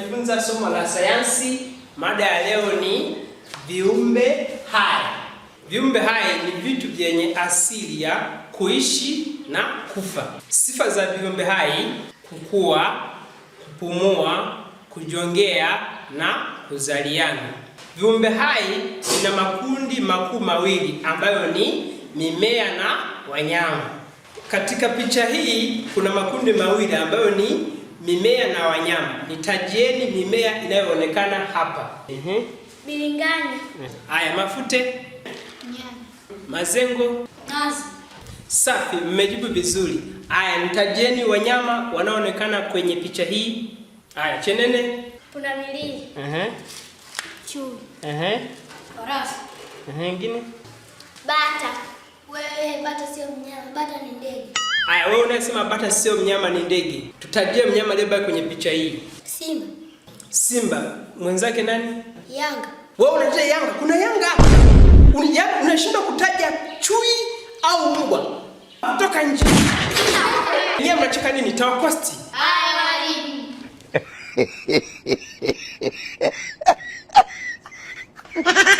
tunajifunza somo la sayansi. Mada ya leo ni viumbe hai. Viumbe hai ni vitu vyenye asili ya kuishi na kufa. Sifa za viumbe hai: kukua, kupumua, kujongea na kuzaliana. Viumbe hai vina makundi makuu mawili ambayo ni mimea na wanyama. Katika picha hii kuna makundi mawili ambayo ni mimea na wanyama. Nitajieni mimea inayoonekana hapa. Ehe. Mhm. Bilinganya. Haya, mafute. Nyani. Mazengo. Nazi. Safi, mmejibu vizuri. Haya, nitajieni wanyama wanaoonekana kwenye picha hii. Haya, chenene. Kuna milii. Ehe. Mhm. Chui. Ehe. Mhm. Farasi. Ehe, ngine. Bata. Wewe bata sio mnyama, bata ni ndege. Haya, wewe unasema bata sio mnyama, ni ndege. Tutajie mnyama aliyebaki kwenye picha hii. Simba. Simba mwenzake nani? Yanga. Wewe unataja Yanga, kuna Yanga unashindwa kutaja chui au mbwa. Kutoka nje nie, mnacheka nini? Tawakosti haya